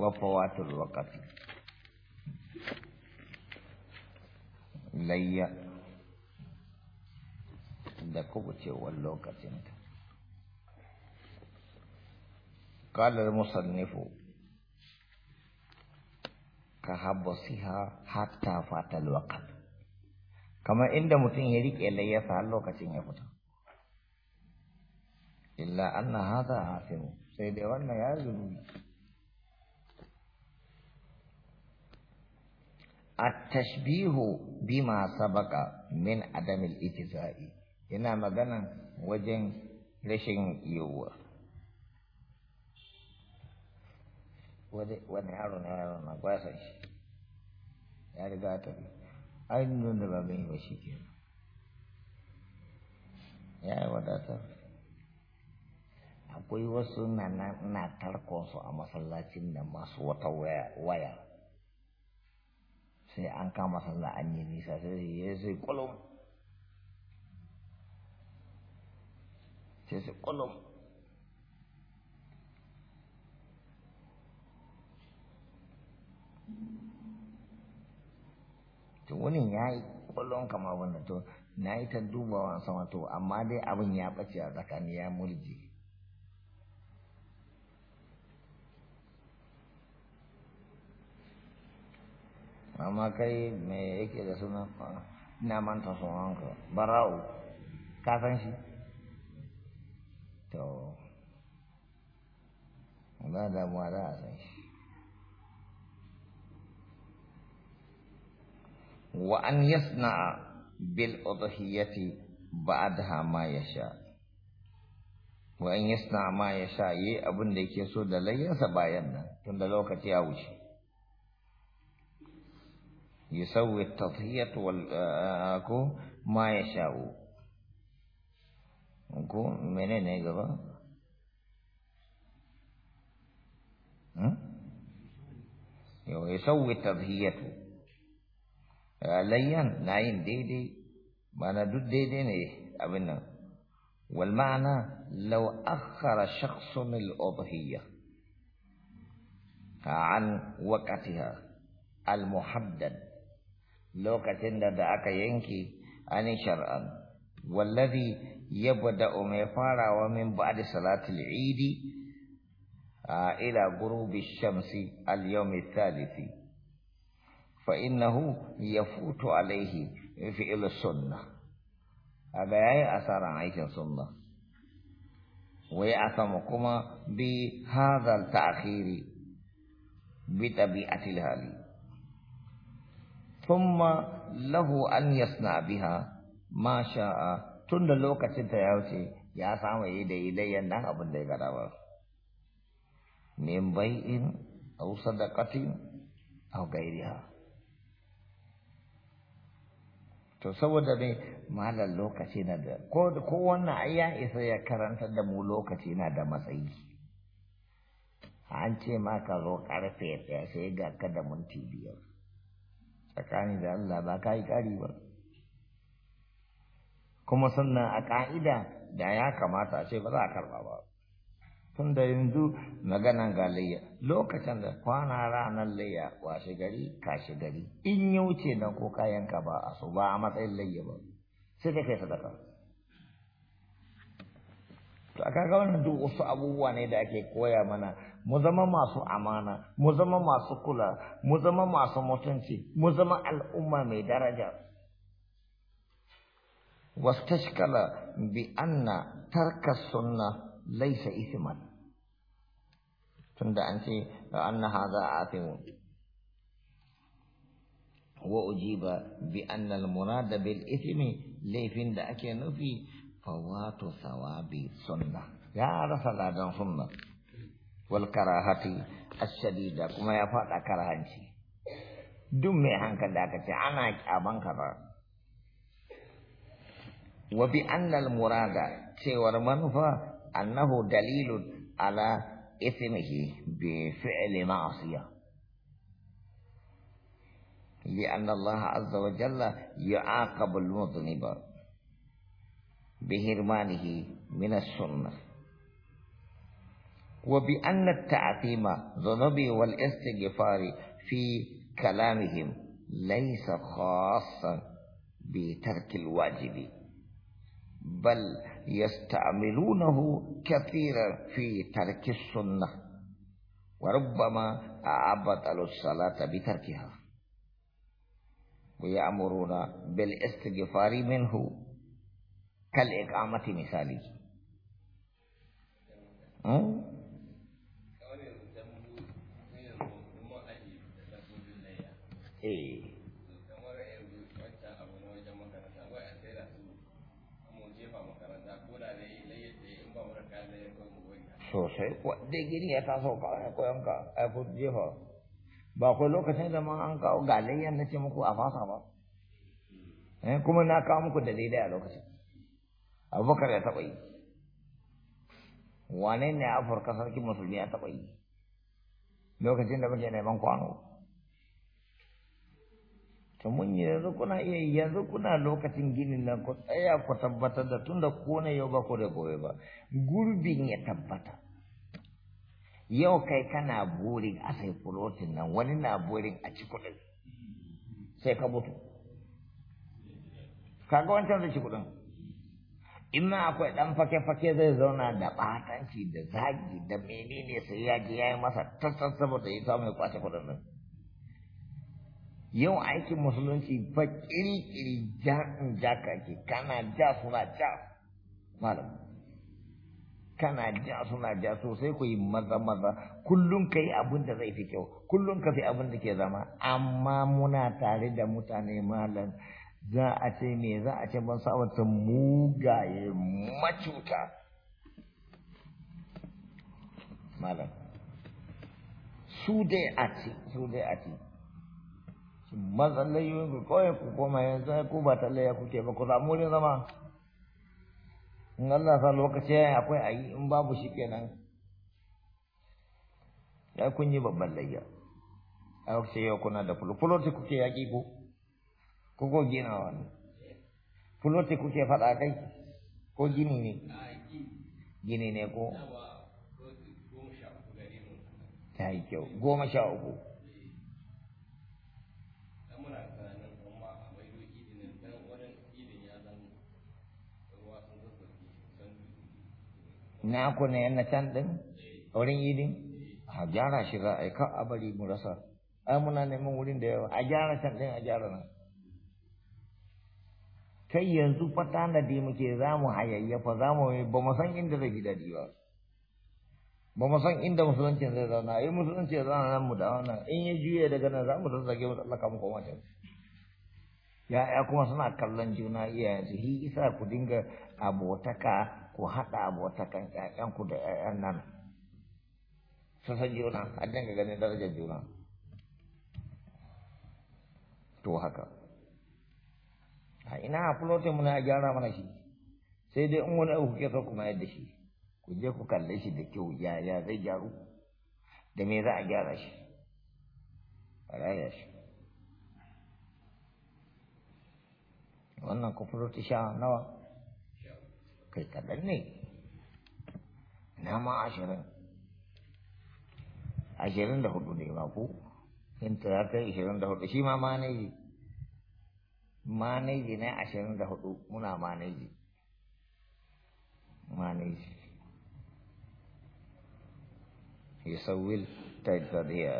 وفوات الوقت layya da kubucewar lokacinta. Kalar musannifu ka habbasiha hatta fatal waqt kamar inda mutum ya riƙe layyasa har lokacin ya fita. Illa anna sai dai wannan ya attashbihu bima sabaka min adamil itiza'i yana magana wajen rashin yiwuwa wani yaro na yaro na gwasa shi ya riga ta bi ainihin da ba gani ba shi ke ya yi wadata akwai wasu na tarkonsu a masallacin da masu wata waya sai an kama sallah an yi nisa sai ya sai kulum sai sai kulum to wani ya yi kwallon kama wannan to na yi ta dubawa sama to amma dai abin ya ɓace a tsakani ya murji amma kai me yake da suna ina manta sunanka bara'u ka san shi to ba damuwa za a san shi wa an yasna bil udhiyati ba'daha ma yasha wa an yasna ma yasha yi abin da yake so da layyansa bayan nan tun da lokaci ya wuce يسوي التضحية والأكو آه، آه، ما يشاء أكو من نے نہیں يسوي التضحية آه، ليان ناين دي دي ما ندود دي دي نيه أبنا والمعنى لو أخر شخص الأضحية عن وقتها المحدد lokacin da da aka yanke ani shar'an wallazi yabda'u mai farawa min ba'da salatul eid ila ghurubi shamsi al-yawm ath-thalith fa innahu yafutu alayhi fi'l sunnah aga yayi asaran aikin sunnah ويعتم كما بهذا التأخير بطبيعة hali thumma lahu an yasna biha ma sha'a tunda lokacin ta ya wuce ya samu yi da ilayyan nan abin da ya gada ba min bai'in aw sadaqatin aw gairiha to saboda me malam lokaci na da ko ko wannan isa ya karanta da mu lokaci na da matsayi an ce ma ka zo karfe ɗaya sai ga ka da minti biyar tsakani da Allah ba ka yi ƙari ba kuma sannan a ƙa'ida da ya kamata a ce ba za a karɓa ba tun da yanzu maganan ga layya lokacin da kwana ranar layya washe gari kashe gari in ya wuce na ko kayanka ba a so ba a matsayin layya ba sai da kai sadaka to a kaga wannan duk wasu abubuwa ne da ake koya mana mu zama masu amana mu zama masu kula mu zama masu mutunci mu zama al'umma mai daraja wastashkala bi anna tarka sunna laysa isman tunda an ce anna hadha athimun wa ujiba bi anna al murada bil ithmi laifin da ake nufi فوات ثواب سنة يا رفع لادن سنة والكراهة الشديدة كما يفعل كراهة دمي هنك داكتي أنا أبان كراهنشي وبأن المراد تيور منفى أنه دليل على إثمه بفعل معصية لأن الله عز وجل يعاقب المذنب بهرمانه من السنة وبأن التعظيم ذنوب والاستغفار في كلامهم ليس خاصا بترك الواجب بل يستعملونه كثيرا في ترك السنة وربما أعبطلوا الصلاة بتركها ويأمرون بالاستغفار منه kal iqamati misali eh sosai gini ya taso kuma na kawo muku dalilai a lokacin abubakar ya taɓa yi wane ne afirka sarki musulmi ya taɓa yi lokacin da muke neman kwano to mun yi yanzu kuna iya yanzu kuna lokacin ginin nan ku tsaya ku tabbatar da tun da kone yau ba ko da gobe ba gurbin ya tabbata yau kai kana burin a sai fulotin nan wani na burin a ci kuɗin sai ka mutu kaga wancan zai ci kuɗin in akwai ɗan fake-fake zai zauna da ɓatanci da zagi da menene sai ya ji ya yi masa tattar saboda ya samu ya kwace kudin nan yau aikin musulunci fa ƙiri jan ja in ja kake kana ja suna ja malam kana ja suna ja sosai ku yi maza-maza kullum ka yi abin da zai fi kyau kullum ka fi abin da ke zama amma muna tare da mutane malam za a ce me za a ce ban sa'awata mugaye macuta malam su dai a ce su dai a ce matsalayoyin ku kawai ku koma yanzu ai ku ba tallaya kuke ba ku samu wurin zama in Allah sa lokaci ya akwai ayi in babu shi kenan ya kun yi babban layya a yau kuna da fulo ta kuke yaƙi ko ko ginawa ne fuloti kuke faɗa kai ko gini ne gini ne ko ta yi kyau goma sha uku na ku ne na can ɗin wurin yi idin a gyara shi za a yi ka a bari mu rasa ai muna neman wurin da yawa a gyara can ɗin a gyara nan kai yanzu fata da muke za mu hayayyafa za mu ba san inda zai daɗi ba ba mu san inda musuluncin zai zauna in musulunci ya zauna nan mu da wannan in ya juya daga nan za mu zazzage mu tsallaka mu koma can ya'ya kuma suna kallon juna yanzu, hi isa ku dinga abotaka ku haɗa abotakan ku da ƴaƴan nan su san juna a dinga ganin darajar juna to haka a ina uploading mu na gyara mana shi sai dai in wani abu kuke so kuma yadda shi ku je ku kalle shi da kyau ya ya zai gyaru da me za a gyara shi raya shi wannan ta sha nawa kai kaɗan ne na ma ashirin ashirin da hudu ne ba ku yin ta kai ashirin da hudu shi ma ma ne maneji ne ashirin da hudu muna maneji maneji yusawil taitadiya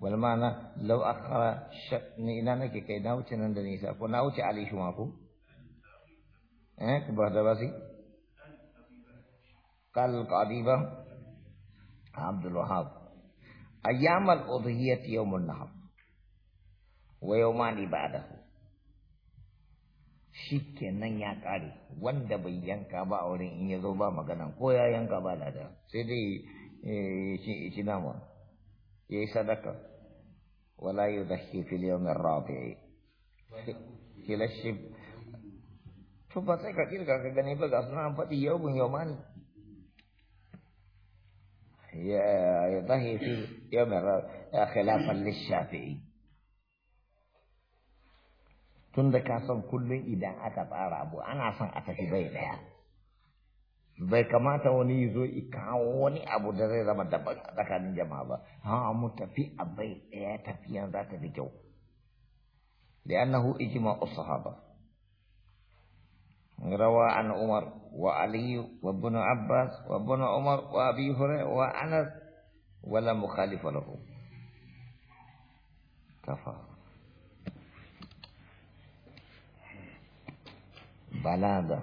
wal mana law akhara ni ina nake kai na wuce nan da nisa ko na wuce ali shuma ko eh ku ba da basi kal qadiba abdul wahab ayyam al udhiyati yawm an nahar wa yawman ibadahu shi kenan ya kare wanda bai yanka ba a wurin in ya zo ba magana ko ya yanka ba lada sai dai ya eh, ci nama ya yi sadaka wala yi zahi fil yawmin rabi'i kila shi to ba sai ka kirga ka gani ba ga suna faɗi yau mani ya zahi fil yawmin ya khilafan lishafi'i tunda ka san kullun idan aka tsara abu ana san a tafi bai daya bai kamata wani ya i kawo wani abu da zai zama daban a tsakanin jama'a ba ha mu tafi a bai daya tafiyan za ta fi kyau li'annahu ijma'u sahaba روى عن عمر وعلي وابن عباس وابن عمر وابي هريره وانس ولا مخالف له كفى balada